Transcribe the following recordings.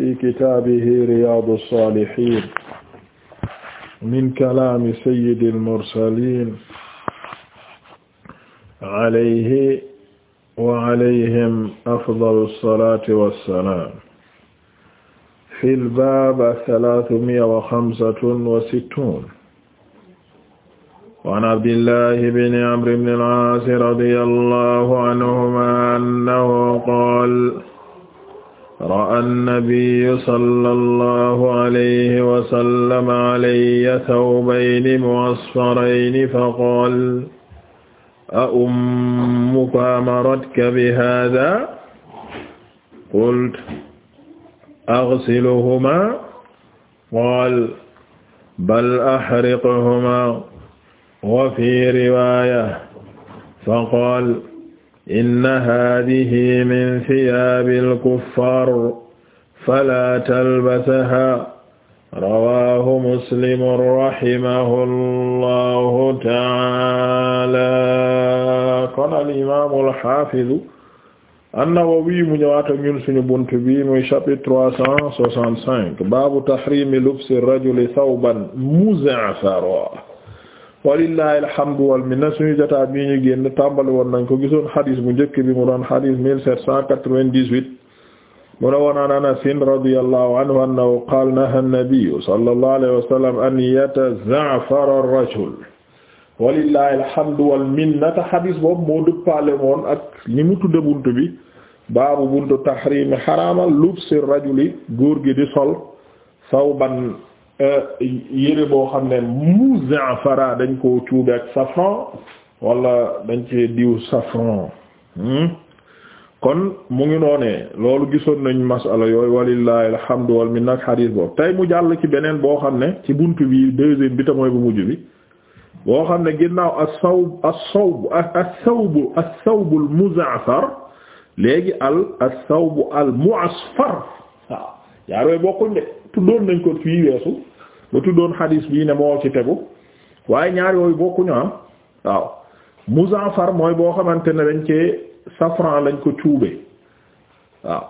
fi kitaabihi riyaadu saalihiin min kalaami sayyidil mursaliin alayhi wa alayhim afdalu salaati wa salaam fil baab salaasumiya wa xamsatun wa sittuun وعن عبد الله بن عمرو بن العاص رضي الله عنهما أنه قال ra'a nnabiyu sallallahu alayhi wa sallam alayya thawbayni mu'asfarayni faqaala a ummuka amaratka bi haadhaa qultu aghsiluhumaa qaala bal ahriqhumaa wa fii riwaaya faqaala inna haadihi min ciyaabil kuffaar falaa talbasahaa rawaahu muslim rahimahu llahu taala kon al imaamu alxaafidu annawawi mu ñëwaat ak ñun suñu bunt bi muy chapitre trois cent soixante-cinq baabu taxriimi lubsi rajuli sawban muza'fara walillahi alhamdu wal minna suñu jotaay bi ñu génn tàmbali woon nañ ko gisoon xadis bu njëkk bi mu doon xadis 1798 mu ne woon an Anas radiyallahu anhu annahu qaala nahaa an-nabiyyu sallallahu alayhi wa sallam an yataza'fara ar-rajul walillahi alhamdu minna te xadis boobu moo dëppaale woon ak ni mu tudde buntu bi baabu buntu tahrimi xaraamal lubsi rajuli góor gi di sol sawban Euh, yére boo xam ne muzafara dañ ko cuube ak safran wala dañ ci diw safran hmm? kon mu ngi noonee loolu gisoon nañ masala yooyu walla alhamdu wal minna ak xadiis boobu tey mu jàll ci beneen boo xam ne ci bunt bi deuxième bi ta bu mujj bi boo xam ne ginnaaw as-sawb as-sawb as-sawb as-sawb al-muza'far léegi al as-sawb al-mu'asfar waaw yaar bokkuñ de tuddoon nañ ko fii weesu la tuddoon xadiis bii ne moo ci tegu waaye ñaari yooyu bokkuñu am waaw muzaafar mooy boo xamante ne dañ ci safran lañ ko cuube waaw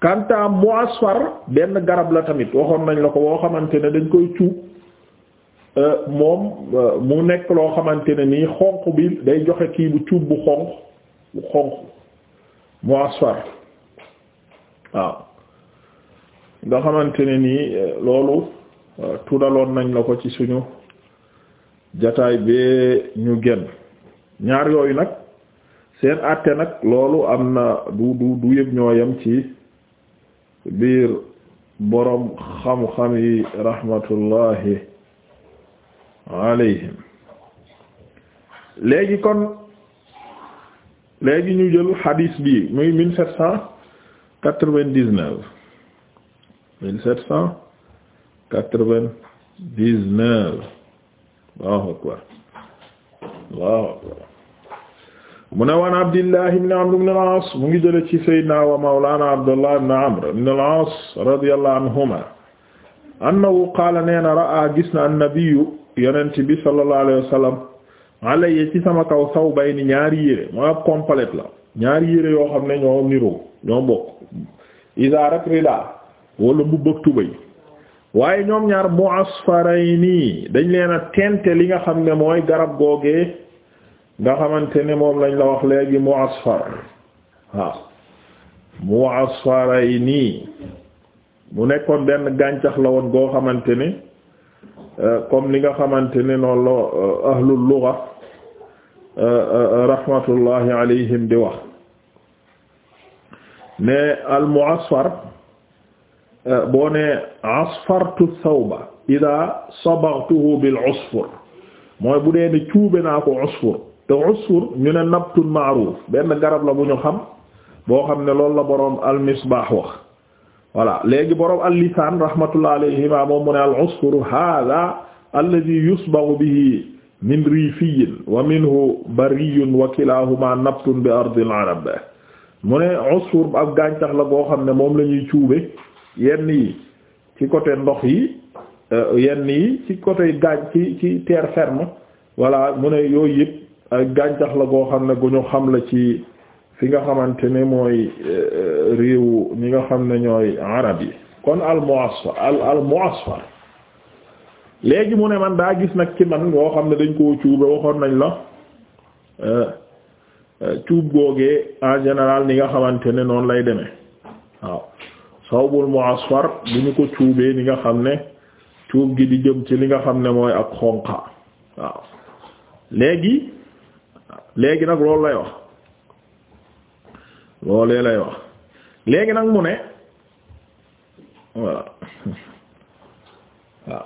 kanta muasfar benn garab la tamit waxoon nañ la ko boo xamante ne dañ koy cuub euh, moom euh, mu nekk loo xamante ne nii xonq bi day joxe kii bu cuub bu xonq bu xonq muasfar waaw nga xamante ne nii euh, loolu Euh, tuddaloon nañ la ko ci suñu jataay bee ñu gën ñaar yooyu nag seen àtte nag loolu am na du du du yëpp ñoo yem ci biir boroom xam-xam yi rahmatullahi alayhim léegi kon léegi ñu jël hadith bi muy mille sept cent quatre vingt neuf mille sept cent quatre akbar mu ne waan Abdillah ibn Amr ibn al-As mu ngi jële ci Seydina wa Mawlana Abdullah ibn Amr ibn al-As radiyallahu anhuma annahu qaala nee na ra'a gis na annabiyu yonent bi sallallahu alayhi wa sallam alayya ci sama kaw saw bay ni ñaari yére ab complète la ñaari yére yoo xam ne ñoo niroo ñoo bokk isaar ak rida wala mbubb ak waaye ñoom ñaar yi nii dañ leen a tente li nga xam ne mooy garab googee nga xamante ne moom lañ la wax léegi mu'asfar waaw mu'asfarayni mu nekkoon benn gàncax la woon goo xamante ne euh, comme li nga xamante ne noonu la euh, ahlul lugha euh, rahmatullahi alayhim di wax ne al mu'asfar boo ne asfartu thawba ida sabaghtuhu bil usfur mooy bu dee ne cuube naa ko usfur te ñu ne nabtun ma'ruf benn garab la bu ñu xam boo xam ne loolu la borom al misbah wax voilà léegi boroom al lisaan rahmatullah alayhima moom mu ne al usfur hadha alladhi yusbaghu bihi min rifiyin wa minhu bariyun wa kilahuma nabtun bi ardil arab mu ne usfur ab gàncax la boo xam ne moom la ñuy cuube yenn yi ci côté ndox yi euh, yenn yi ci côté gaaj ci ci terre ferme voilà mu ne yooyu yëpp ay gàncax la goo xam ne gu ñu xam la ci fi nga xamante ne mooy euh, réewu ñi nga xam ne ñooy arab yi kon al mu'asfar al al mu'asfar léegi mu ne man daa gis nag ci man yoo xam ne dañ koo cuube waxoon nañ la euh, cuub googee en général ni nga xamante ne noonu lay demee waaw sawbul mu'asfar bu ñu ko cuubee ni nga xam ne cuub gi di jëm ci li nga xam ne mooy ak xonqa waaw léegi léegi nag loolu lay wax loolee lay wax léegi nag mu ne voilà waaw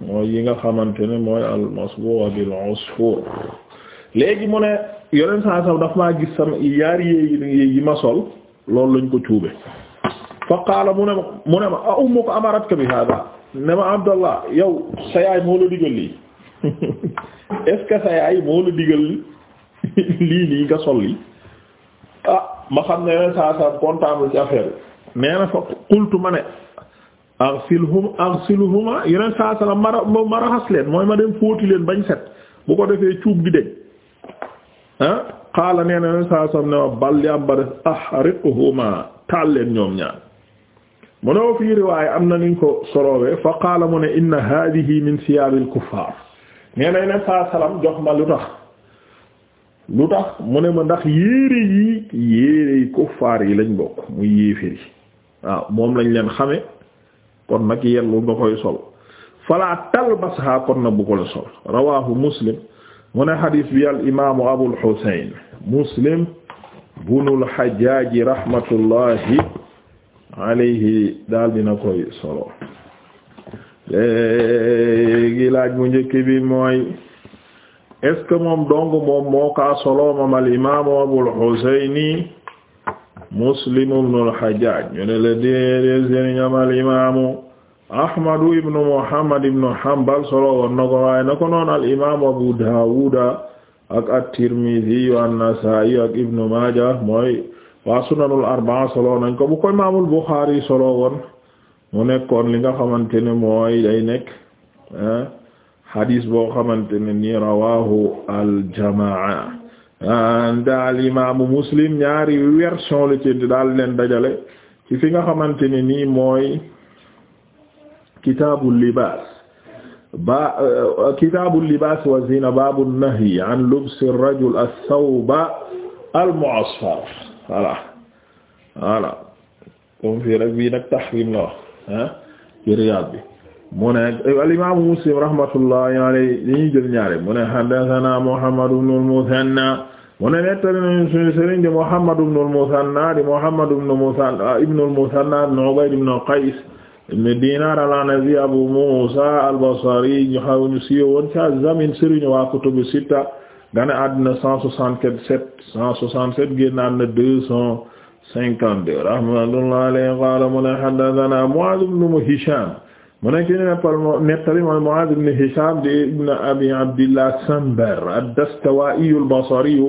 mooy yi nga xamante ne mooy al masbuwa bil usfur léegi mu ne yoneen saa sax daf maa gis sama yaar yi yi ma sol loolu lañ ko cuube fa qaala mu ne ma mu ne ma a ummuka amaratka bi hada ne ma abdallah yow sa yaay moo la digal lii est sa yaay moo la digal lii nii nga sol lii ah ma xam ne yoneen saa saa kontaanul ci affaire bi nee na fa qultu ma ne arsilhum arsilhuma yeneen saa saa mara ma raxas leen mooy ma dem fóoti leen bañ set bu ko defee cuub bi deñ ah qaala nee na leen saa sam ne wa bal li am ba def ahriquhuma taal leen ñoom ñaar mu ne fii riwaaya am na nuñ ko soroowee fa qaala mu ne inna hadihi min siyaabil kuffaar nee na yeneen saa salaam jox ma lu tax lu tax mu ne ma ndax yéere yi yéere yi kuffaar yi lañ bokk muy yéeféri waaw moom lañ leen xame kon nag yellu nga koy sol falaa talbasha kon na bu ko la sol rawaahu muslim mu ne xadis bi al imaamu Abul Muslim bunul Hajjaaji rahmatullahi alayhi daal dina koy solo léegi laaj mu njëkk bi mooy est dong moom moo kaa solo moom al imaamu Abul Muslim ibnul Hajjaaj ñu ne la déedéet ahmadu ibnu muhammad ibnu hanbal solo woon na ko waaye na ko noon al imam abu dawuda ak at-tirmidhi wa an-nasa'i ak ibnu maaja mooy waa sunanul arba'a solo nañ ko bu solo woon nekkoon li nga xamante ne mooy day nekk hadis eh, boo xamante ne ni rawahu aljamaa daal imaamu muslim ñaari version la ci daal leen dajale ci fi nga xamante ne nii mooy kitaabu libaas ba kitaabu libaas wa zina baabu nahyi an lubsi rajul as-sawba al-mu'asfar voilà voilà comme fii rek bii nag tahrim la wax ci Riyaad bi mu ne al-imaamu Muslim rahmatullahi alayhi dañuy jël ñaare mu ne haddathana Muhammad ibn al-Muthanna mu ne nettali nañu suñu sëriñ di Muhammad ibn al-Muthanna di Muhammad ibn al-Muthanna ibn al-Muthanna ibn Ubayd ibn Qays ibn Dinar al-Anazi Abu Musa al-Basri ñu xaw ñu siiwee woon ca Zamin sëriñ waa kutubu sitta gane àddina cent soixante-sept cent soixante-sept génn àddina deux cent cinquante-deux rahmatullahi alayhi qaala mu ne haddathana Mu'adh ibn Hisham mu ne ki ñu nettali mooy Mu'adh ibn Hisham di ibn Abi Abdillah Sambar ad-Dastuwa'i al-Basri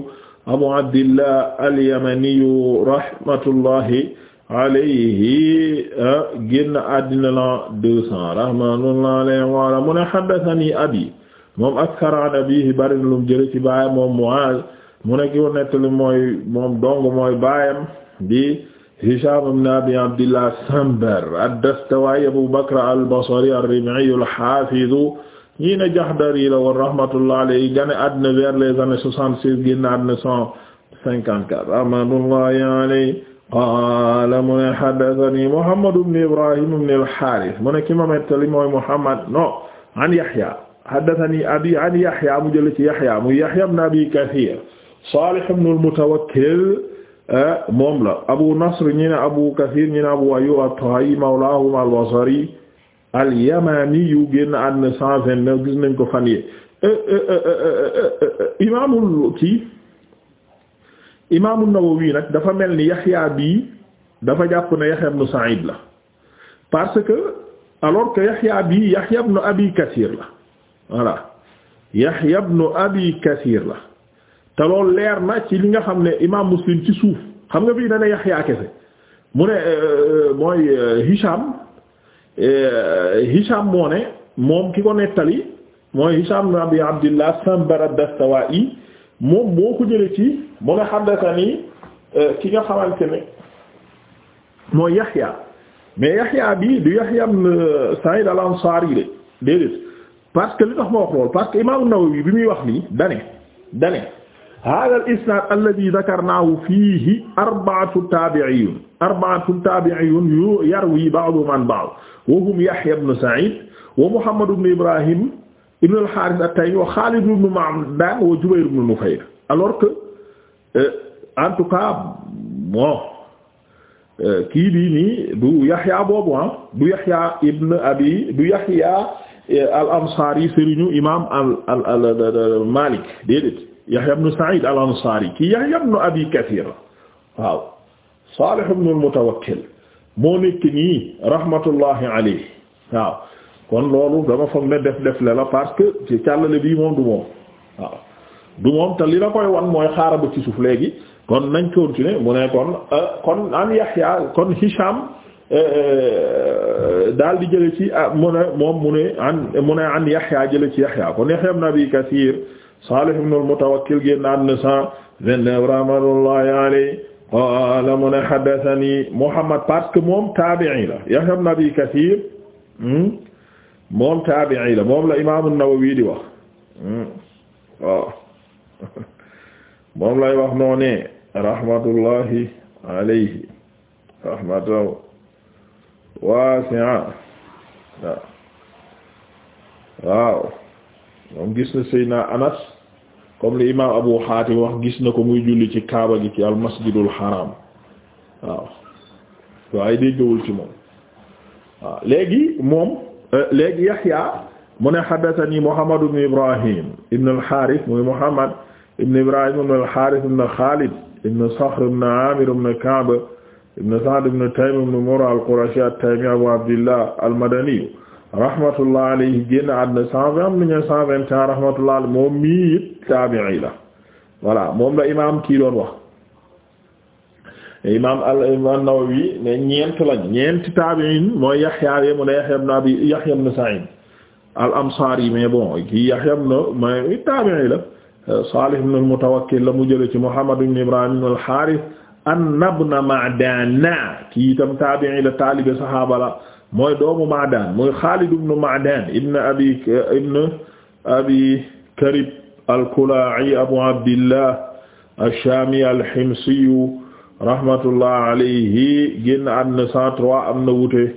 Abu Abdillah al-Yamani rahmatullahi alayhi ah, génn àddina la deux cents rahmatullah alayhi wala mu ne haddathani abi moom akthar an abihi bari na lum jële ci baayam moom Muaz mu ne ki nettali mooy moom dong mooy baayam di Hisham ibn Abi Abdillah Sambar ad-Dastuwaay Abu Bakr al-Basri ar-Rib'i al-Hafiz ñii ne Jahdari la woon rahmatullah alayhi gane àddina vers les années soixante-six génn àddina cent cinquante-quatre rahmatullah alayhi qaala mu ne haddathanii Muhammad ibn Ibrahim ibn al-Haaris mu ne ki ma nettali mooy Muhammad no an Yahya haddathanii abii an Yahya mu jël ci Yahya muy Yahya ibn Abii Kathiir Saalih ibn al-Mutawakkil moom la Abu Nasr ñi ne Abu Kathiir ñi ne Abu Ayyuub at-Taha'i mawlaahum al-Basri al-Yamani yu génn àddina 129 gis nañ ko fan yii imaamul kii imaamu wii nag dafa mel ni Yaxya bii dafa jàpp ne Yaxya ibn Sa'id la parce que alors que Yaxya bii Yaxya ibn Abi Kathir la voilà te loolu leer na ci li nga xam ne imaam Muslim ci suuf xam nga fii dana Yaxya kese mu ne euh, euh, mooy euh, Hisham Hisham moo ne moom ki ko nettali mooy Hisham ibn Abi Abdillah Sanbar ad-Dastawa'i moom moo ko jële ci mu ne haddathani euh, ki nga xamante ne mooy Yahya mais Yahya bi du Yahya ibn euh, Sa'id al-Ansari de déedéet parce que li tax ma wax lool parce que imam An-Nawawi bi muy wax nii dane dane hada al isnad alladhi dhakarnahu fihi arba'atu tabi'iyun arba'atu tabi'iyun yu yarwi ba'duhum an ba'd wa hum Yahya ibn Sa'id wa Muhammad ibn Ibrahim ibn al-Harith at-Taymi wa Khalid ibn Ma'dan wa Jubayr ibn Nufayr alors que euh, en tout cas bon euh, kii bii nii du Yahya boobu ah du Yahya ibn Abi du Yahya euh, al-Ansari sëriñu imam al al Malik déedéet Yahya ibn Sa'id al-Ansari kii Yahya ibn Abi Kathir waaw Salih ibn al-Mutawakkil moo nekk nii rahmatullahi alayhi waaw kon loolu dama foog ne def def le la parce que ci càllale bii moom du moom waaw du moom te li la koy wan mooy xaara ba ci suuf léegi kon nañ continuer mu ne kon euh, kon an Yahya kon Hisham euh, euh, daal di jële ci ah, mu ne moom mu ne an mu ne ci Yahya kon Yahya ibn Abi Kathir Salih ibn al-Mutawakkil génn àdduna cent vingt-neuf rahmatullahi alayhi qaala mu ne haddathani Muhammad parce que moom taabi'i la Yahya ibn Abi Kathir hmm? moom taabi'i la moom la imaam an-Nawawi di wax hmm. waaw moom lay wax noonee rahmatullahi alayhi rahmatan wasi'a waaw moom gis na Seydina Anas comme li imaam Abu Hatim wax gis na ko muy julli ci Kaaba gi ci al-Masjidul Haram waaw waaye déggawul ci moom waaw léegi moom Euh, léegi Yahya mu ne haddathani Muhammad ibn Ibrahim ibn al-Harith muy Muhammad ibn Ibrahim ibn al-Harith ibn Khalid ibn Sakhr ibn Amir ibn Ka'b ibn Sa'd ibn Taym ibn Murra al-Qurashi at-Taymi Abu Abdillah al-Madani rahmatullah alayhi génn àdduna 120 am nañu 121 rahmatullah moom mii it taabi'i la voilà moom la imaam kii doon wax imam an-Nawawi ne ñeent lañ ñeenti taabi'in mooy Yahya mu ne Yahya ibn Abi Yahya ibn Sa'id al-Ansari mais bon kii Yahya ibn mais taabi'i la Salih ibn al-Mutawakkil la mu jële ci Muhammad ibn Ibrahim ibn al-Harith an-Ibn Ma'dan kii itam taabi'i la taalibe sahaaba la mooy doomu Ma'dan mooy Khalid ibn Ma'dan ibn Abi ibn Abi Karib al-Kula'i Abu Abdillah ash-Shami al-Himsi rahmatullah alayhi génn am na cent trois am na wute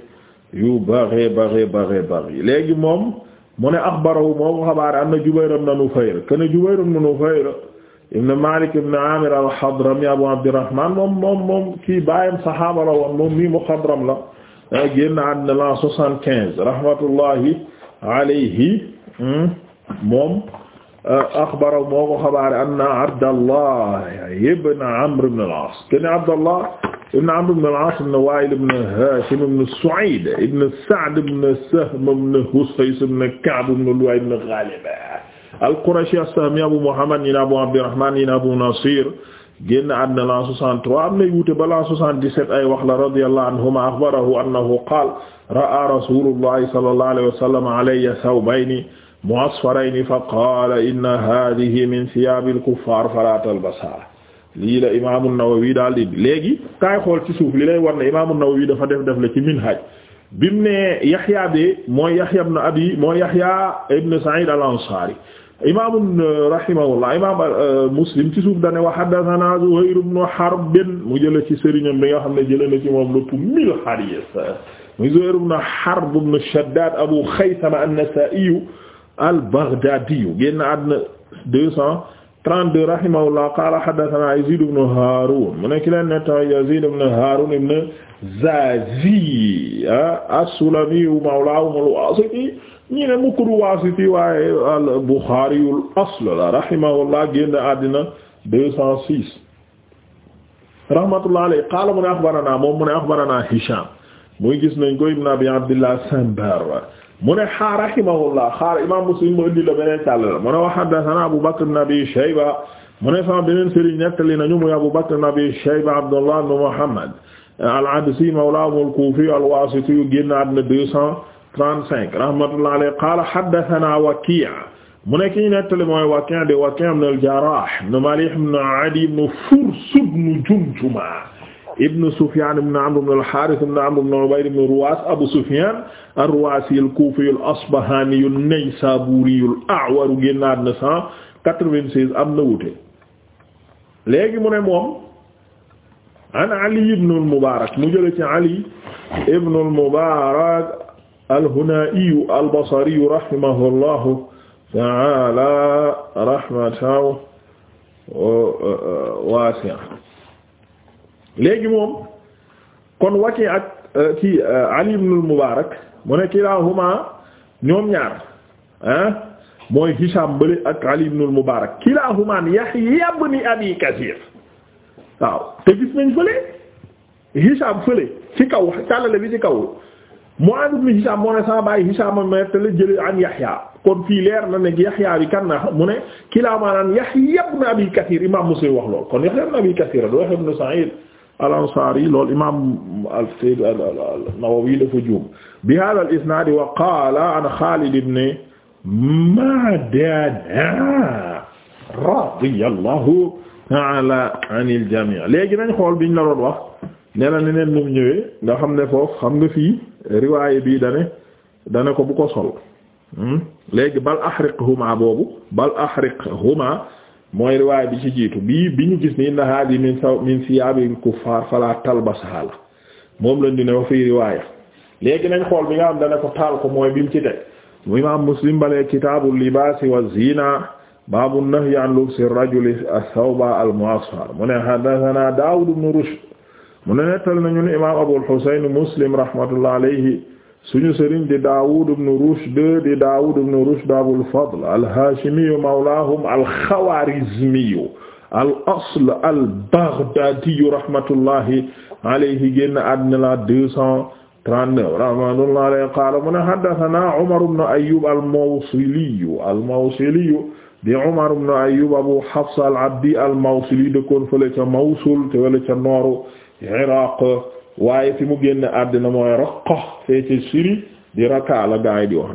yu bare bare bare bare léegi moom mu ne axbarahu moo ko xabaare am na Jubayr ibn Nufayr kana Jubayr ibn Nufayr ibn Malik ibn Amir al-Hadrami Abu Abdurrahman moom moom moom kii baayam saxaaba la woon moom mii muxadram la eh, génn am na l'an soixante-quinze rahmatullahi alayhi hmm, moom axbara moo ko xabaare anna Abdallah ibn Amr ibn al-As ken Abdallah ibn Amr ibn al-As ibn Wa'il ibn Hashim ibn Su'id ibn Sa'd ibn Sahm ibn Husays ibn Ka'b ibn Lu'ay ibn Ghalib al-Qurashi as-Sahmi Abu Muhammad ñi ne Abu Abdirrahman ñi ne Abu Nasir génn àddina la 63 am na wuute ba la 77 ay wax la radiyallahu anhuma axbarahu annahu qaala ra'a rasulullahi sallallahu alayhi wa sallam alayya thawbayni mu'asfarayni fa qaala inna haadihi min siyaabil kuffaar falaa talbashaa lii la imaamu Nawawi daal di léegi kaay xool ci suuf li lay war ne imaamu Nawawi dafa def def la ci minhaj bi mu ne Yaxya bi mooy Yaxya ibn Abi mooy Yaxya ibn Sa'iid al-Ansaari imaamu rahimahullah imaam euh, Muslim ci suuf da ne wa haddathanaa Zuhayr ibn Harb mu jëlee ci sëriñam bi nga xam ne jëlee na ci moom lépp mille hadiis muy Zuhayr ibn Harb ibn Shaddaad Abu Khaythama an-Nasaa'i al-Baghdadi génn àdduna 232 rahimahullah qaala haddathana Yazid ibn Harun mu nekk leen nettali Yazid ibn Harun ibn Zazi ah, as-Sulami mawlaahum al-Wasiti ñi ne mukk du Wasiti waaye al-Bukhari al-asl la rahimahullah génn àdduna 206 rahmatullah alayhi qaala mu ne akhbarana moom mu ne akhbarana Hisham muy gis nañ ko ibn Abi Abdillah Sambar mu ne xaa rahimahullah xaar imam Muslim mu indi la beneen càll la mu ne wa haddathana Abu Bakr ibn Abi Shayba mu ne sama beneen sëriñ nettali nañu muy Abu Bakr ibn Abi Shayba Abdullah ibn Muhammad al-Absi mawlahum al-Kufi al-Wasiti yu génn àddina deux cent trente-cinq rahmatullah alayhi qala haddathana Waki' mu ne ki nettali mooy Waki' de Waki' ibn al-Jarrah ibn Malih ibn Adi ibn Furs ibn Jumjuma ibn Sufyan ibn Amr ibn al-Harith ibn Amr ibn Ubayd ibn Ruwas Abu Sufyan ar-Ruwasi al-Kufi al-Asbahani an-Naysaburi al-A'war génnaat na cent quatre-vingt-seize am na wuute léegi mu ne moom an Ali ibn al-Mubarak mu jële ci Ali ibn al-Mubarak al-Huna'i al-Basri rahimahullahu ta'ala rahmatan wasi'a léegi moom kon waki ak euh, ci euh, Ali ibn al-Mubarak mu ne kilahuma ñoom ñaar ah mooy Hisham bële ak Ali ibn al-Mubarak kilahuma Yahya ibn Abi Kathir waaw te gis nañ fële Hisham fële ci kaw càllale bi ci kaw Mu'adh ibn Hisham moo ne sama baay Hisham ma ne te la jële an Yahya kon fii leer na ne Yahya bi kan na mu ne kilahuma an Yahya ibn Abi Kathir Imam Muslim wax lool kon Yahya ibn Abi Kathir do Yahya ibn Sa'id al ansaari loolu imaam al sayyid an-Nawawi dafa juum bi haaza al isnaad wa qaala an Xaalid ibn Ma'dana radiyallahu ta'ala anil jamii' léegi nañ xool biñ la doon wax nee na leneen lu mu ñëwee nga xam ne foofu xam nga fii riwaay bii dane dane ko bu ko sol hmm? léegi bal ahriqhuma boobu bal ahriqhuma mooy riwaay bi ci jiitu bii bi ñu gis ni inna hadi min saw min siyaabil kuffar fala talbasha la moom lañ di ne wa fii riwaaya léegi nañ xool bi nga xam dana ko taal ko mooy bi mu ci teg mu imaam muslim balee kitaabu libaasi wa zina baabu nahyi an lubsi rajuli as-sawba al-mu'asfar mu ne haddathana daawud ibn rushd mu ne nettal nañu ne imaam abul husayn muslim rahmatullah alayhi suñu sëriñ di Daawud ibn Rushd di Daawud ibn Rushd Abul Fadl al-Haashimiyu mawlaahum al-Xawaarizmiyu al-asl al-Baghdaadiyu rahmatullahi alayhi génn àddina la deux cent trente-neuf rahmatullahi alayhi qaala mu ne haddathanaa Umar ibn Ayyuub al-Mawsiliyu al-Mawsiliyu di Umar ibn Ayyuub Abu Hafs al-Abdi al-Mawsili dëkkoon fële ca Mawsul te wala ca nooru Iraaq waaye fi mu génn àddina mooy Raqqa fee ci Syrie di Raqqa la gaa yi di wax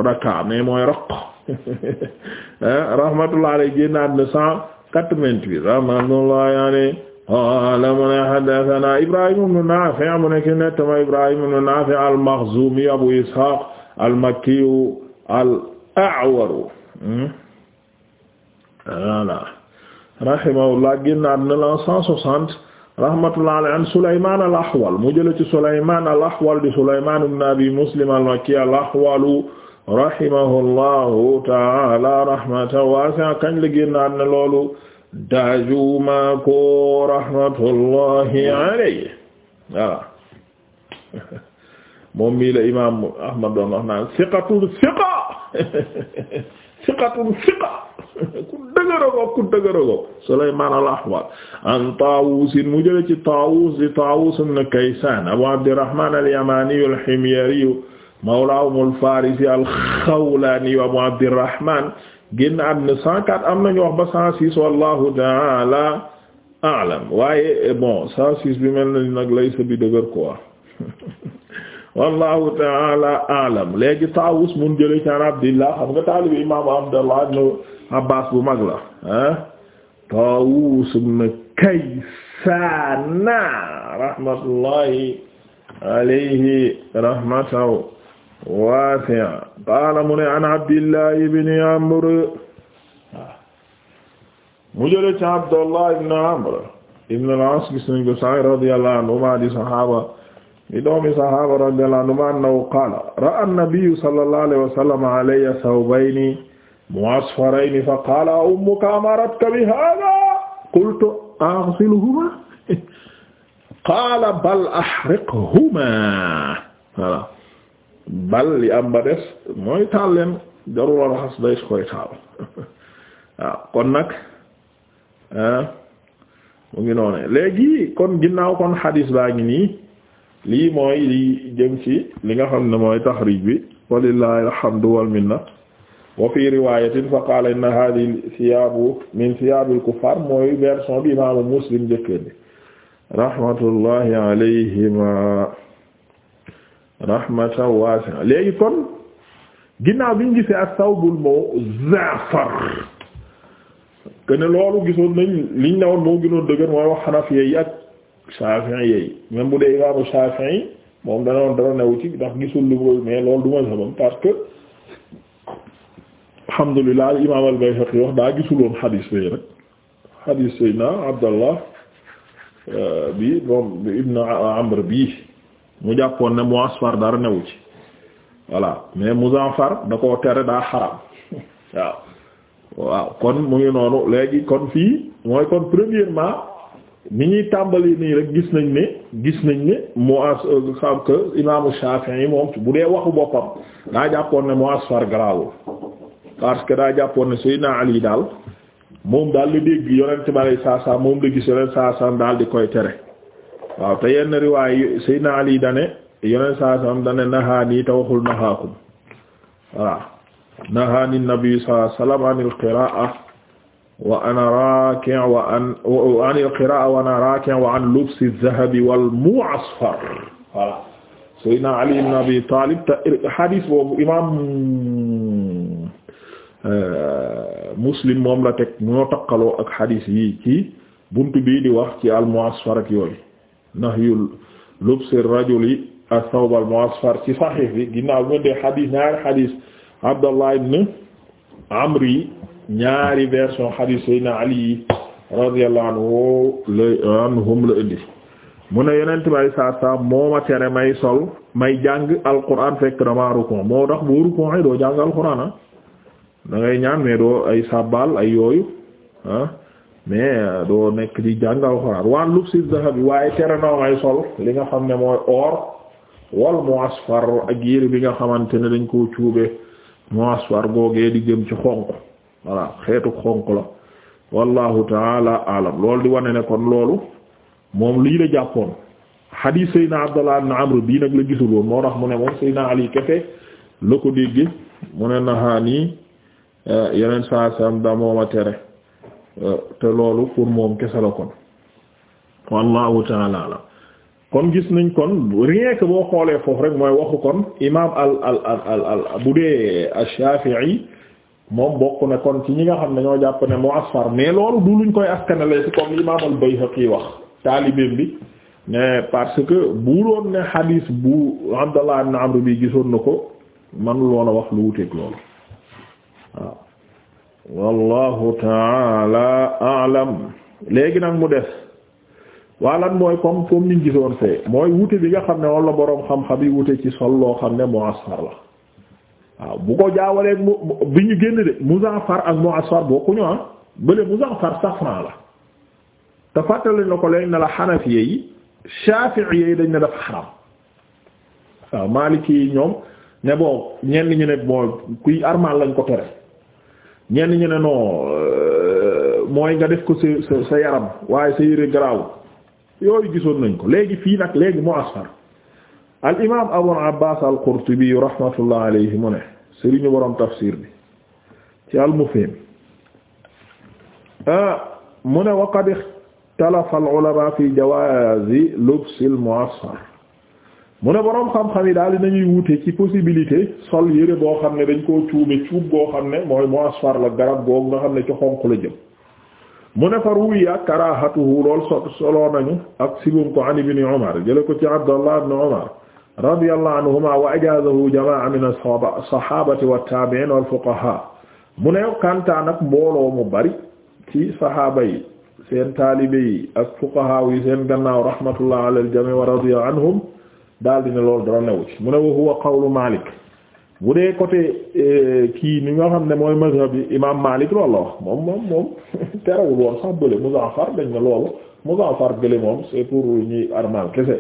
mooy Raqqa rahmatullah alayhi génn àddina cent quatre-vingt-huit rahmatullah yaani qala mu ne haddathana Ibrahim ibn Nafi' mu ne ki nettama Ibrahim ibn Nafi' al Abu Ishaq al-Makki al-A'war hmm? voilà génn àddina la rahmatullah alayhi an Sulaymaan al-Ahwal mu jële ci Sulaymaan al-Ahwal di Sulaymaan ibn Abi Muslim al-Makki al-Ahwalu rahimahullahu ta'ala rahmatan waasi'a kañ la génnaat na loolu daajuma ko rahmatullahi alayhi voilà moom mii la imaam Ahmad doon wax naan siqatun siqa siqatun siqa ku dëgërëgoog ku dëgërëgoog Sulaymaan al-Ahwal an Taawus mu jële ci Taawus di Taawus ibn Kaysaan Abu Abdirrahmaan al-Yamaani al-Himyari mawlaahum al-Faarisi al-Xawlaani Abu Abdirrahmaan génn àddina 104 am nañu wax ba 106 wallahu ta'ala a'lam waaye bon 106 bi mel na nag lay sa bi dëgër quoi wallahu ta'ala a'lam léegi Taawus mun jële ci Abdillah xam nga taalibi imaam Abdallah Abbaas bu mag la ah Taawuus ibn Kaysaana rahmatullahi alayhi rahmatan waasi'a qaala mu ne an Abdillahi ibn Amr mu jële ci Abdullah ibn Amr ibn al-As gis nañ ko sax radiyallahu anhuma di saxaaba di doomi saxaaba radiyallahu anhuma annahu qaala ra'a an-nabiyyu sallallahu alayhi wa sallam alayya thawbayni mu'asfarayni fa qaala a ummuka amaratka bi haada qultu aghsilhumaa qaala bal ahriqhumaa voilà bal li am mooy taal leen jarul a koy taal kon nag ah, mu ngi noonu léegi kon ginnaaw kon xadiis baa ngi nii lii mooy li jëm ci li nga xam ne mooy taxriij bi wallaahi alhamdu wal wa fi riwayatin fa qaala inna hadhihi thiyaabu min thiyaabil kuffar mooy version bi imaamu muslim jëkkëndi rahmatullahi alayhima rahmatan wasi'a léegi kon ginnaaw biñ gisee as-sawbul muzaffar que ne loolu gisoon nañ liñ ne woon moo gënoon dëgër mooy wax xanafiya yi ak shafi'i yi même bu dee imaamu shafi'i moom dana woon dara newu ci ndax gisul lu mais loolu du mazhabam parce que alhamdulilah imaam al-Bayhaqi wax daa gisuloon xadiis bi rek xadiis Seydina Abdallah euh, bi moom bi Ibn Amr bii mu jàppoon ne Mu'asfar dara newu ci voilà mais Muzanfar da koo tere daa xaram waaw kon mu ngi noonu léegi kon fii mooy kon premièrement ni ñuy tàmbali nii rek gis nañ ne gis nañ ne Mu'as euh, xam que imaamu Shafi'i moom bu dee waxu boppam daa jàppoon ne Mu'asfar garaawul parce que daa jàppoon ne Seydina Ali daal moom daal la dégg yonent ma lay saa saa moom la daal di koy tere waaw te riwaay Seydina Ali dane yonent saa dane nahaani te waxul nahaakum voilà nahaani nabi saa salaam anil qiraa wa ana raaki'un wa an anil qiraa wa ana raaki'un Ali ibn Abi Talib te hadis Euh, muslim moom la teg ñoo taqaloo ak xadiis yi ci buntu bii di wax ci al-mu'asfar ak yooyu nahyu lubsi rajuli as-sawb al-mu'asfar ci saxiix bi ginnaaw bi ma dee xadiis ñaari xadiis Abdallah ibn Amr yi ñaari version xadiis Seydina Ali yi radiyallahu la indi mu ne yeneen bay saa saa moo ma tere may sol may jàng al-quraan fekk damaa rukon moo tax bu rukon doo jàng al-quraan ah. da ngay ñaan mais doo ay sabbal ay yooyu ah, mais doo nekk di jàngal xoraan waa lub si waaye tere na ngay sol li nga xam ne mooy or wal muasfar ak yére bi nga xamante ne dañ ko cuube muasfar googee di jëm ci xonq voilà xeetu xonq la wallahu taala alam lool di wane ne kon loolu moom lii la jàppoon hadith saydna abdallah amr bii nag la gisul woon moo tax mu ne moom saydna ali kefe la ko dégge mu ne nahaani Eh, yeneen saa saam daa mooma tere eh, te loolu pour moom kese la kon wallahu taala alam kon gis nañ kon rien que boo xoolee foofu rek mooy waxu kon imaam al al al bu dee Shafi'i moom bokk na kon ci ñi nga xam ne ñoo jàpp ne mu asfar mais loolu du luñ koy askanale ci comme imaam al Bayhaqi wax taalibeem bi ne parce que bu doon ne xadiis bu Abdallah ibn Amr bi gisoon na ko man loon a wax lu wuteeg loolu waaw wallahu taala alam léegi nag mu des waa lan mooy comme comme niñ gisoon fee mooy wute bi nga xam ne wala boroom xam-xam yi wute ci sol loo xam ne mu'asfar la waaw bu ko jaawalee mu bi ñu génn de muzaffar ak mu'asfar bokkuñu ah bële muzaffar safran la te fàttali na ko léegi ne la xanafiye yi shafi'iye yi dañ ne dafa xaram waaw maliki yi ñoom ne boo ñenn ñu ne mooy kuy armal lañ ko tere ñenn ñu ne non euh, mooy nga def ko sa sa yaram waaye sa yére garaaw yooyu gisoon nañ ko léegi fii nag léegi mu asfar al imaam abu abbaas al qurtubi rahmatullah alayhi mu ne sëriñu boroom tafsir bi ci al mufhim ah, mu ne wa qad ikhtalafa al ulama fi jawaazi lubs al mu'asfar mu ne boroom xam-xam yi daal dinañuy wute ci possibilité sol yére boo xam ne dañ koo cuube cuub boo xam ne mooy mu asfar la garab googu nga xam ne ci xonq la jëm mu ne fa ruwiya karahatuhu lool so soloo nañu ak sibum ko an ibni Umar jële ko ci Abdallah ibn Umar radiyallahu anhuma wa ajazahu jamaa min as-sahabati wat-tabi'in wal-fuqaha mu ne kantaa nag mbooloo mu bari ci sahaaba yi seen taalibe yi ak fuqaha yi seen gannaaw rahmatullah ala al-jami' wa daal di ne loolu dara newu ci mu ne wa huwa qawlu Malik bu dee côté euh, kii ni nga xam ne mooy mazhab bi imaam Malik loolu la wax moom moom moom terewul woon sax bële Muzaffar dañ ne loolu Muzaffar gële moom c'est pour ñuy armal kese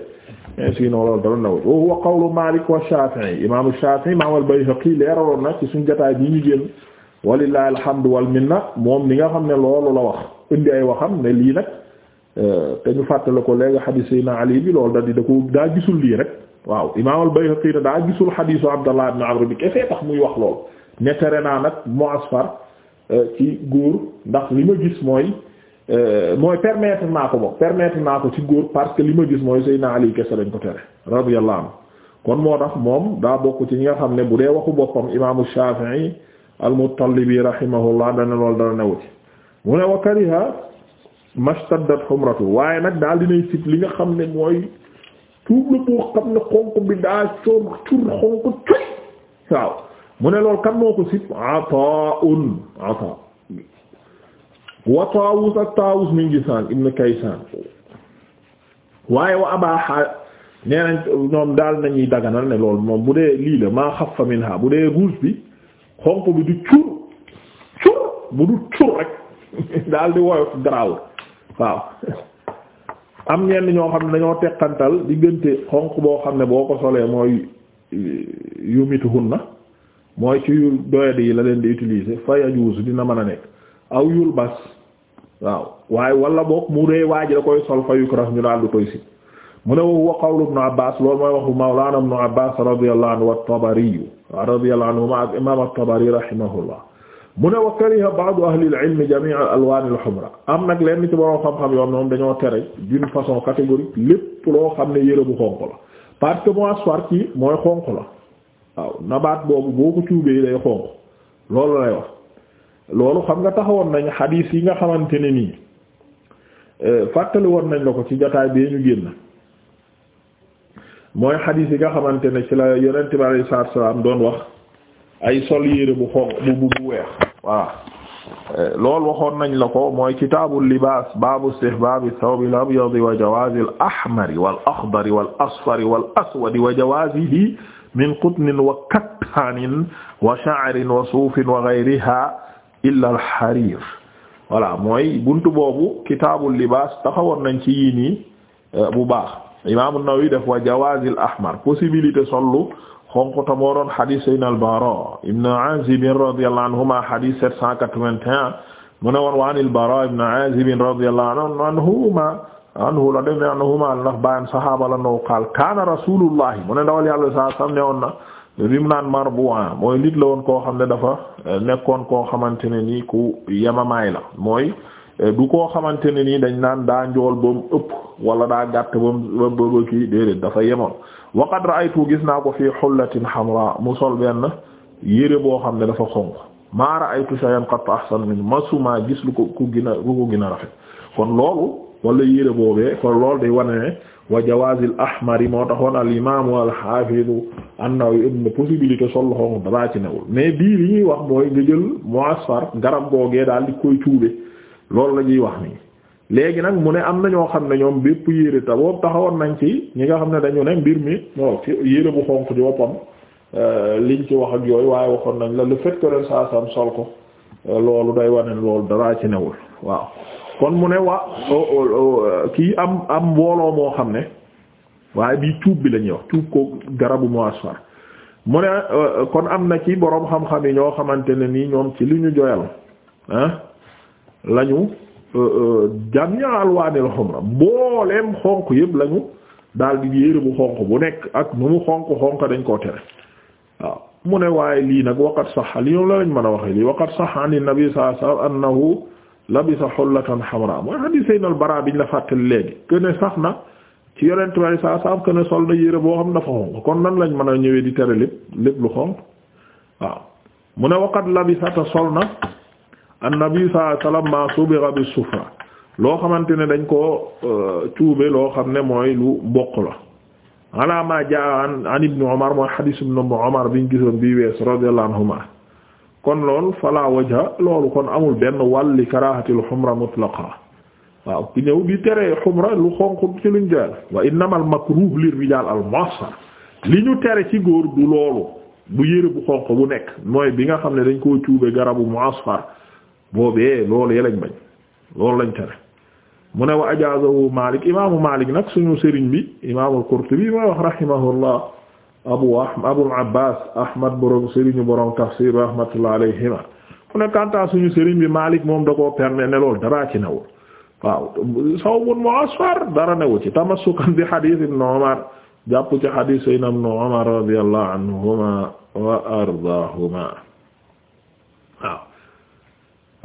mais sinon loolu dara newu ci wa huwa qawlu Malik wa Shafi'i imaamu Shafi'i imaam al-Bayhaqi leeraloon na ci suñ jotaay bi ñu génn walillahi alhamdu wal minna moom ni nga xam ne loolu la wax indi ay waxam ne lii nag. Euh, te ñu fàttale ko léegi xadiis Seydina Ali bi loolu da di da ko daa gisul lii rek waaw imaam al-Bayhaqi ne daa gisul xadiisu Abdallah ibn Amr bi kese tax muy wax lool ne tere naa nag mu asfar euh, ci góor ndax li ma gis mooy euh, mooy permettre naa ko bokk permettre naa ko ci góor parce que li ma gis mooy Seydina Ali kese dañ ko tere radiyallahu anhu kon moo tax moom daa bokk ci ñi nga xam ne bu dee waxu boppam imaamu Shafi'i al-Muttalibi rahimahullah dana lool dara newu ci mu ne wa kariha mastaddat humratu waaye nag daal dinay sib li nga xam ne mooy tuub la boo xam ne xonq bi daa cor cur xonq coy waaw mu ne loolu kan moo ko sib ataun ata wa taawus ak taawus mi ngi saan ibn kaysan waaye wa abaaxa nee nañ ñoom daal nañuy daganal ne loolu moom bu dee lii la maa xaf fa min ha bu dee rouge bi xonq bi du cur cur bu du cur rek daal di woyof garaawul waaw am ñenn ñoo xam ne dañoo teqantal diggante xonq boo xam ne boo ko solee mooy eh, yu mitu hun na mooy ci yu doyadi yi la leen di utiliser fayajuus dina mën a nekk aw yul bas waaw waaye wala boog mu dee waaj da koy sol fayuk ras ñu daal du koy si mu ne wa qawlu ibn loolu mooy waxu mawlana ibn abbas radiyallahu anhu wa at-tabari radiyallahu anhu ma ak imam at-tabari rahimahullah mu ne wa kariha ba'du ahli al-ilm jami' al-alwan al-humra am nag lenn ci borom xam-xam yoon xam dañoo tere d'une façon catégorique lépp loo xam ne yére bu xonq la parce que moissoir ci mooy xonk la waaw nabaat boobu boo ko cuubee day xonq loolu lay wax loolu xam nga taxawoon nañ xadiis yi nga xamante ne nii euh, fàttali woon nañ la ko ci jotaay bee ñu génn mooy xadiis yi nga xamante ne ci la yonent bi alayhi salaatu wa salaam doon wax ay sol yére bu xonq weex voilà eh, loolu waxoon nañ la ko mooy kitaabul libaas baabu istihbaabi thawbil abyadi wa jawaazil ahmari wal axdari wal asfari wal aswadi wa jawaazihi min qutnin wa mooy buntu boobu kitaabul libaas taxawoon nañ ci yii nii eh, bu baax Imaam An-Nawawi def wa jawaazil xonq tam moo doon xadis Seydina al-Bara ibn Azib radiyallahu anhuma xadis 781 mu ne woon wa an al-Bara ibn Azib radiyallahu anhuma anhu la def ne anhuma ndax bàyyam saxaaba la noo qaal kaana rasulullahi mu ne dawal yàlla saa sam ne woon na rim naan marbu'a mooy nit la woon koo xam ne dafa eh, nekkoon koo xamante ne nii ku yemamaay la mooy. Euh, du koo xamante ne nii dañ naan daa njool ba ëpp wala daa gàtt ba mu ba déedéet dafa yemoon wa qad gis naa ko fii xullatin hamra mu sol benn yére boo xam ne dafa xonq ma ra'aytu shay'an qat ahsan min masuma gis lu ko ku gën a lu kon loolu wala yére boobee kon loolu day wane ne wa jawaazil ahmari moo taxoon al imaamu al xaafidu an-Nawawi ibn possibilité sol xonq daraa ci newul mais bii li ñuy wax mooy nga jël mu asfar garab googee daal di koy cuube loolu la ñuy wax nii léegi nag mu ne am na ñoo xam ne ñoom bépp yére ta boobu taxawoon nañ ci ñi nga xam ne dañu ne mbir mi non ci yére bu xonq ci boppam euh, liñ ci wax ak yooyu waaye waxoon nañ la lu fait que ren saa sol ko euh, loolu day wane loolu daraa ci newul waaw kon mu ne wa kii am am mbooloo moo xam ne waaye bii cuub bi la wax cuub ko garabu moisfar mu ne euh, kon am na ci boroom xam-xam yi ñoo xamante ne nii ñoom ci li ñu joyal ah lañu euh, euh, jamia alwaanil xumra mbooleem xonq yëpp lañu daal di yére bu xonq bu nekk ak nu mu xonq xonq dañ koo tere waaw mu ne waaye lii nag waqat sax li ñoom la lañ mën a waxee lii waqat sax an nabi sallallahu alayhi wa sallam annahu labisa xullatan xamra mooy hadith sayyidina al-Bara biñ la fàttali léegi que sax na ci yonent bi sallallahu alayhi wa ne sol na yére boo xam dafa xonq kon nan lañ mën a ñëwee di tere lépp lépp lu xonq waaw mu ne waqat labisa te sol na annabi sallallahu alayhi wasallam ma subiga bi sufra loo xamante ne dañ koo cuube euh, loo xam ne mooy lu mboq la ala ma jaa an an ibni omar mooy hadis ibni omar biñ gisoon bi wees radiyallahu anhuma kon lool fala wajha loolu kon amul benn wàlli karahatil xumra mutlaqa waaw ki lu xonq ci luñ joyal wa innamal makruh lir rijal al mu'assar li ñu tere ci góor du loolu bu yére bu xonq bu nekk mooy bi nga xam ne dañ koo tuube garabu mu'asfar boobee loolu yelañ bañ loolu lañ tere mu ne wa ajaazahu Malik imaamu Malik nag suñu sëriñ bi imaamul Qurtubi ma wax rahimahullah abu abul Abbas Ahmad borom sëriñu borom tafsir rahmatullah alayhima mu ne kanta suñu sëriñ bi Malik moom da koo permet ne loolu daraa ci newul waaw sawbun mu'asfar dara newu ci tamassukan bi hadith ibn Umar jàpp ci hadith ibn Umar radiyallahu anhuma wa ardaahuma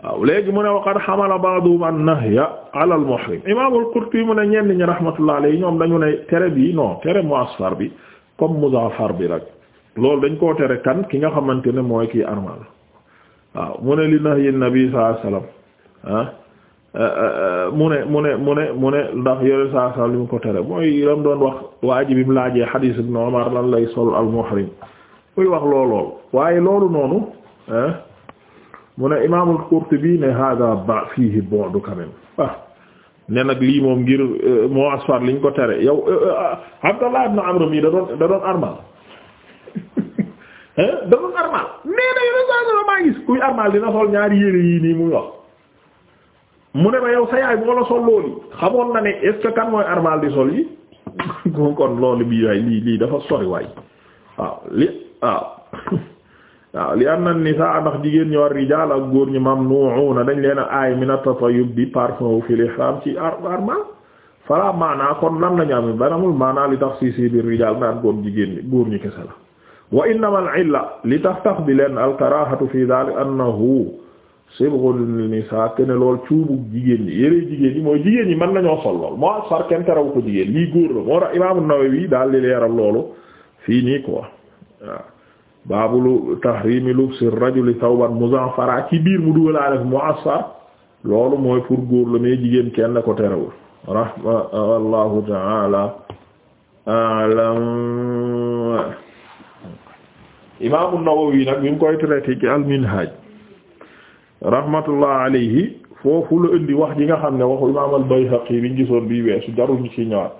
waaw léegi mu ne waqad xamala ba'duhum an-nahya ala al-muhrim imaam al-Qurtubi mu ne ñenn ñi rahmatullah alayhi ñoom dañu ne tere bi non tere mu'asfar bi comme muzaffar bi rek loolu dañ koo tere kan ki nga xamante ne mooy kii armal waaw mu ne li nahyi nabi sallallahu alayhi wasallam ah eh, eh, eh, mu ne mu ne mu ne mu li mu ko tere mooy lam doon wax waa ji bi mu laajee xadiis Ibn Umar lan lay sol al-muhrim muy wax loolool waaye loolu noonu mu ne Imaam al-Qurtubi ne hada ba fiihi bu'd quand même ah ne nag lii moom ngir euh, moo asfar liñ ko tere yow euh, euh, ah, Abdallah ibn Amr mi da doon da doon armal da doon armal nee na yow dañu maa gis kuy armal dina sol ñaari yére yii nii muy wax mu ne ma yow sa yaay moo sol loolu xamoon na ne est ce que kan mooy armal di sol yi kon loolu bi yaay lii lii dafa sori waay waaw li waaw. waaw li am na nisaa ndax jigéen ñi war rijaal ak góor ñi mamnuuna dañ leen aay min at-tatayyub di parfum fi al-ihram ci ar arma fala maana kon lan lañu am banamul maana li taxsiisi bi rijaal naan góor jigéen ñi góor ñi kese la wa innama al la li tax tax bi leen al-karaahatu fi dhaalika annahu sibghun lin-nisaa kene lool cuubu jigéen ñi yére jigéen ñi mooy jigéen ñi mën nañoo sol lool moo sar kenn teraw ko jigéen lii góor la moo tax Imaam An-Nawawi daal di leeral loolu fii nii quoi waaw baabulu tahrimi lubsi rajuli thawban muzanfara ci biir mu dugalaale fi mu'assar loolu mooy pour góor la mais jigéen kenn ko terewul rahma wallahu taala alam imaamu Nawawi nag bi mu koy traité ci al-Minhaj rahmatullah alayhi foofu la indi wax ji nga xam ne waxu imaam al-Bayhaqi biñ gisoon bii weesu jaruñu ci ñëwaat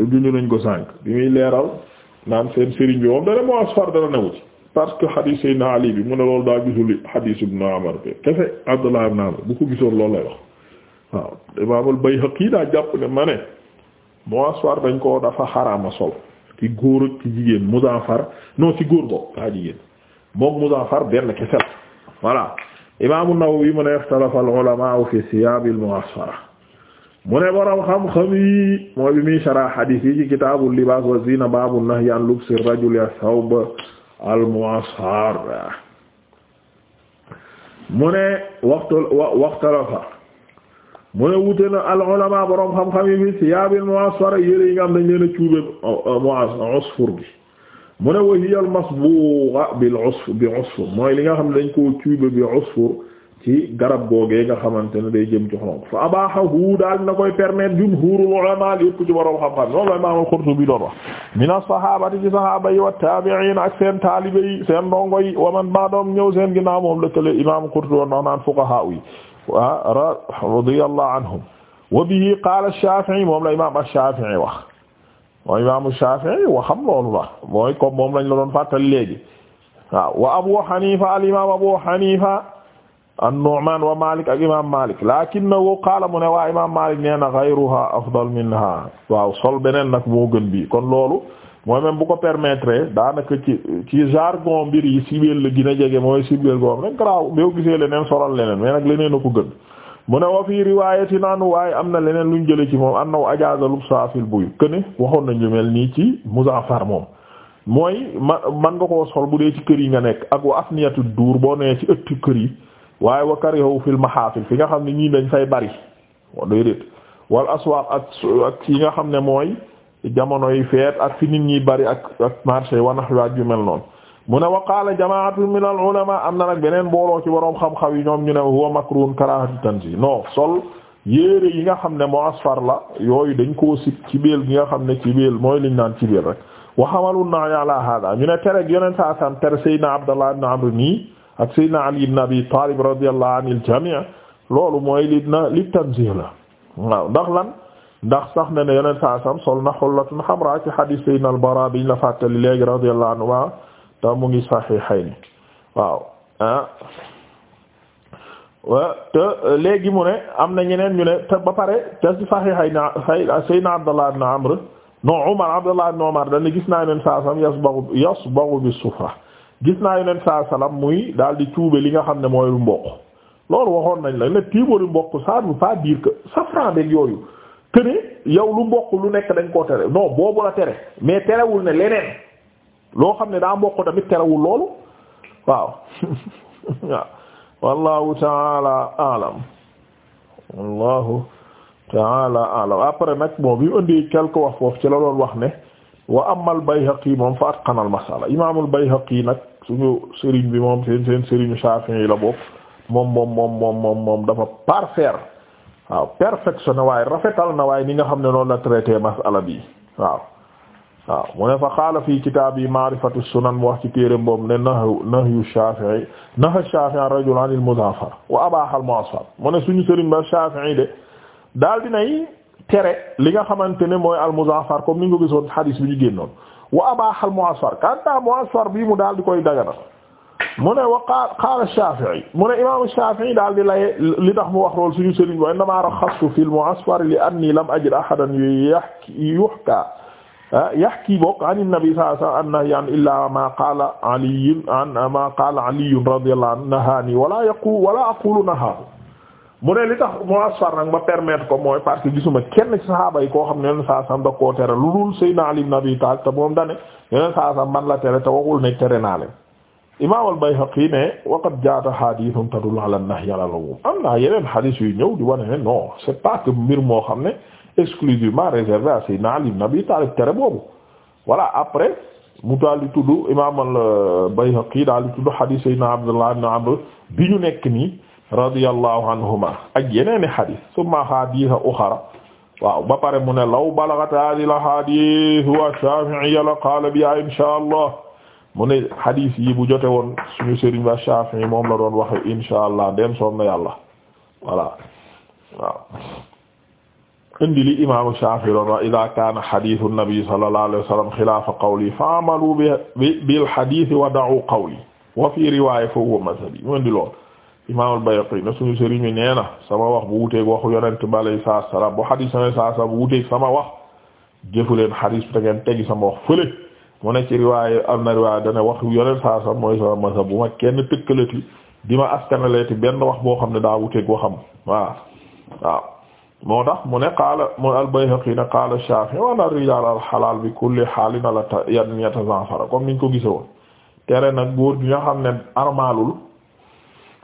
te duñu nañ ko sànq bi muy leeral naan seen sëriñ bi moom dara mu'assar dara newu ci parce que xadiis Seydina Ali bi mu ne loolu daa gisul xadiis Ibn Umar bi kefe Abdullah ibn Umar bu ko gisoon loolu lay wax waaw Imaam al-Bayhaqi daa jàpp ne ma ne moissoir dañ ko dafa xaraama sol ci góor ak ci jigéen Muzaffar non ci góor ko daa jigéen moom Muzaffar benn kese la voilà Imaam an mu ne ixtalafa al-ulamaa fi siyaab al-mu'assara mu ne borom xam-xam mooy bi muy sharah xadiis yi ci kitaabul libaas wa ziina baabu nahyi an lubsi ar-rajuli ath-thawb al-Mu'assar mu ne waxtu waxtalafa mu ne wute na al-ulama boroom xam-xam yi fi siyaabil mu'assara yére yi nga am dañ leen a cuube mu'assar usfur bi mu ne wa hiya al-masbuga bil usfur bi usfur mooy li nga xam ne dañ koo cuube bi usfur ci garab googee nga xamante ne day jëm ci xonq fa abahahu daal na koy permettre jumhurul ulama yëpp ci borom xam-xam loolu la Imam al-Qurtubi doon wax min as-sahabati ci sahaba yi wa tabi'in ak seen taalibe yi seen ndongo yi wa man ba'dahum ñëw seen ginnaaw moom lëkkale Imam al-Qurtubi woon wax naan fuqaha yi wa radiyallahu anhum wa bihi qala ash-Shafi'i moom la Imam ash-Shafi'i wax mooy Imam ash-Shafi'i waxam loolu la mooy comme moom lañ la doon fàttali léegi waaw wa Abu Hanifa al-Imam Abu Hanifa am numan wa Malik ak imam Malik na qaala mu ne waa imam Malik nee na ghayruha afdal minha waaw sol beneen nag moo gën bi kon loolu mooy même bu ko permettre daanaka ci ci jargon mbir yi sibeel la gën a jege mooy sibeel goo xam ne garaaw boo gisee leneen solal leneen mais nag leneen a ko gën mu ne wa fii riwayatin anu waaye am na leneen luñ jële ci moom annahu ajaaza lubsa fil buy këne waxoon nañu mel nii ci Muzaffar moom mooy ma man nga koo sol bu dee kër yi nga nekk ak wa afniyatu duur boo nee ci ëtt kër yi waaye wa karihu fil mahafil fi nga xam ne ñii dañ fay bari wa déedéet wal aswaaq ak ak yi nga xam ne mooy jamonoy feet ak fi nit ñi bari ak ak marché wa nahwaaj yu mel noonu mu ne wa qaala jamaatun min al ulama am na nag beneen mbooloo ci waroom xam-xam yi ñoom ñu ne huwa makruun karaahatu tanzih non sol yéere yi nga xam ne moo asfar la yooyu dañ koo sib ci biir gi nga xam ne ci biir mooy liñ naan ci biir rek wa xamalun na ala hada ñu ne tere yoneen saa sam tere sayyidina Abdallah ibn Amr nii ak Seydina Ali ibn Abi Talib radiyallahu mooy li na li tanzih la ndax lan ndax sax na ne yeneen saa sam sol na xullatun xamra ci hadith Seydina al-Bara biñ la fàttali léegi radiyallahu anhu waaw mu ngi sahihayn waaw ah te léegi mu ne am na ñeneen ñu ne te ba pare te ci sahihayn Seydina Abdallah ibn Amr no Umar gis naa yeneen saa sam yasbaghu sufra gis naa yonent saa salaam muy daal di cuube li nga xam ne mooy lu mboq loolu waxoon nañ la ne tiibaru mboq ça ne veut pas dire que safran beeg yooyu que yow lu mboq lu nekk dañ koo tere non boobu la tere mais terewul ne leneen loo xam ne daa mboq tamit terewul loolu waaw waaw wallahu taala alam wallahu taala alam après nag bon bi mu indi wax foofu ci la doon wax ne wa amal Bayhaqi moom fa atqana al masala imaamul Bayhaqi nag suñu sëriñ bi moom seen seen sëriñu Shafi'i yi la bokk moom moom moom moom moom moom dafa parfaire waaw perfectionné waaye rafetal na waaye ni nga xam ne noonu la traité masala bi waaw waaw mu ne fa qaala fii kitaab yi maarifatu sunan mu wax ci téere boobu ne nahyu nahyu Shafi'i naha Shafi'i ar-rajul an al-muzaafara wa abaaha mu ne suñu sëriñ ba Shafi'i de daal dinay tere li nga xamante ne mooy al-muzaafar comme ni nga gisoon hadis bi ñu génnoon wa abaaxal mu'asfar kanta mu'asfar bii mu daal di koy dagana mu ne wa qaala Shaafi'i mu ne imaamu Shaafi'i daal di laye li tax mu wax lool suñu sëriñ wa innamaa raxxastu fil mu'asfar li annii lam ajid ahadan yuhkaa ah, yahkii bokk an nabi sallallahu alayhi wa sallam illaa maa qaala Aliyyun an maa qaala Aliyyun radiyallahu anhu nahaanii wa laa aqulu nahaahu mu ne li tax mu asfar nag ma permettre ko mooy parce que gisuma kenn ci saxaaba yi koo xam ne yeneen saa sam da koo tere lu dul Seydina Ali ibn Abi te moom dane yeneen saa sam man la tere te waxul ne tere naa leen Imaam al-Bayhaqi ne waqad jaata hadithun tadullu ala an-nahyi ala al-umum am naa yeneen hadith yu ñëw di wane ne non c'est pas que mbir moo xam ne exclusivement réservé à Seydina Ali ibn Abi Talib tere boobu voilà après mu daal di tudd Imaam al-Bayhaqi daal di tudd hadith Seydina Abdullah ibn Amr bi ñu nekk nii radiyallahu anhuma ak yeneeni xadis summa xadiisa uxra waaw ba pare mu ne law balagat hadi la hadis wa shafi'iyya la qaala bi insha allah mu ne xadis yi bu jote woon suñu sëriñ ba Shafi'i moom la doon waxe insha allah dem soom na yàlla voilà waaw indi li imaamu Shafi'i doon wax ida kaana xadisu nabi sallallahu alayhi wa sallam xilaafa qawli fa amalu bil xadisi wa da'u qawli wa fi riwaaya fa huwa mazhabi mu indi lool imaam al-Bayhaqi na suñu sëriñ mi nee na sama wax bu wuteeg waxu yonent bi alayhi salaatu salaam bu xadis yonent saa saa bu wuteeg sama wax jëfu leen xadis bi da ngeen teggi sama wax fële mu ne ci riwaaya am na riwaaya dana wax yonent saa saa mooy sama masa bu ma kenn tëkkalati di ma askanaleeti benn wax boo xam ne daa wuteeg waxam waaw waaw moo tax mu ne qaala mu al-Bayhaqi ne qaala Shaafi'i wala rijaal al-xalaal bi kulli xaalin la ta yan yatazanfara comme ko gisee woon tere nag góor gi nga xam ne armaalul.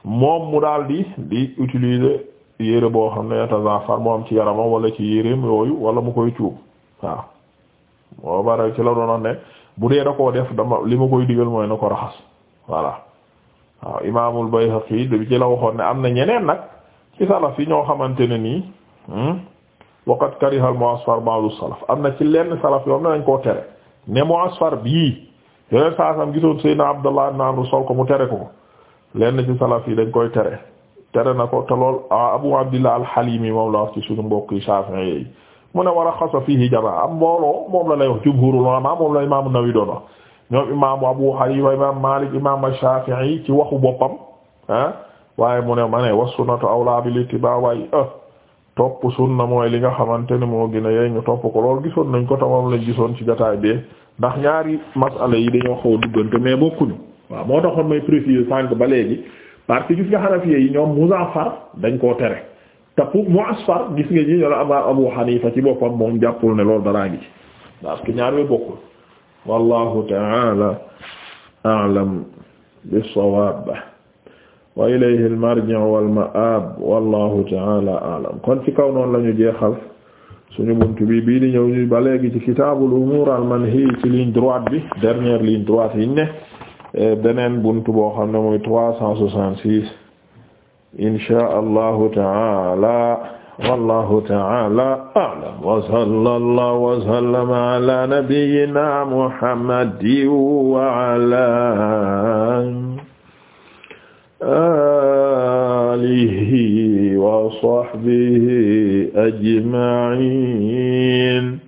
moom mu daal di di utiliser yére boo xam ne yatazafar moo moom ci yaramam wala ci yéreem yooyu wala mu koy cuub waaw moo bare ci la doon wax ne bu dee da koo def dama li ma koy digal mooy na ko raxas voilà waaw imaamul Bayhaqi bi ci la waxoon ne am na ñeneen nag ci salaf yi ñoo xamante ne nii hmm, waqad karihal mu'asfar u salaf am na ci lenn salaf yoo xam ne dañ koo tere ne mu'asfar bii yeneen saasam gisoon Seydina Abdullah ibn Amr sol ko mu tere ko lenn ci salaf yi dañ koy tere tere na ko te lool ah, Abu Abdillah al-Halimi moom la wax ci suñu mbokk yi Shafi'i yi mu ne war a xasa fiihi jamaa am mbooloo moom la lay wax jumhurul ulama moom la imaamu Nawawi doon a ñoom imaamu Abu Hanifa imam Malik imam Shafi'i ci waxu boppam ah, waaye mu ne ma ne was sunnatu awla bil ittiba waaye ah topp sunna mooy li nga xamante ne moo gën a yey ñu topp ko loolu gisoon nañ ko tamam lañ gisoon ci jotaay bi ndax ñaari masala yi waaw moo taxoon may préciser sànq ba léegi parce que gis nga xanafiye yi ñoom muzaffar dañ koo tere te pour muasfar gis nga ñi ñoo Abu Hanifa ci boppam moom jàppul ne loolu daraa ngi ci parce que ñaar yooyu bokkul wallahu ta'ala a'lam bis-sawab wa ilayhi al-marji'u wal ma'ab wallahu ta'ala a'lam kon ci kaw noonu la ñu jeexal suñu buntu bi bii di ñëw ñu ba léegi ci kitaabul umuur al-manhi ci ligne droite bi dernière ligne droite yi ne Eh, beneen buntu boo xam ne mooy trois cent soixante six insha allahu taala wallahu taala a'lam wa sallallahu wa sallama ala nabiyyina muhammadin wa ala alihi wa sahbihi ajma'in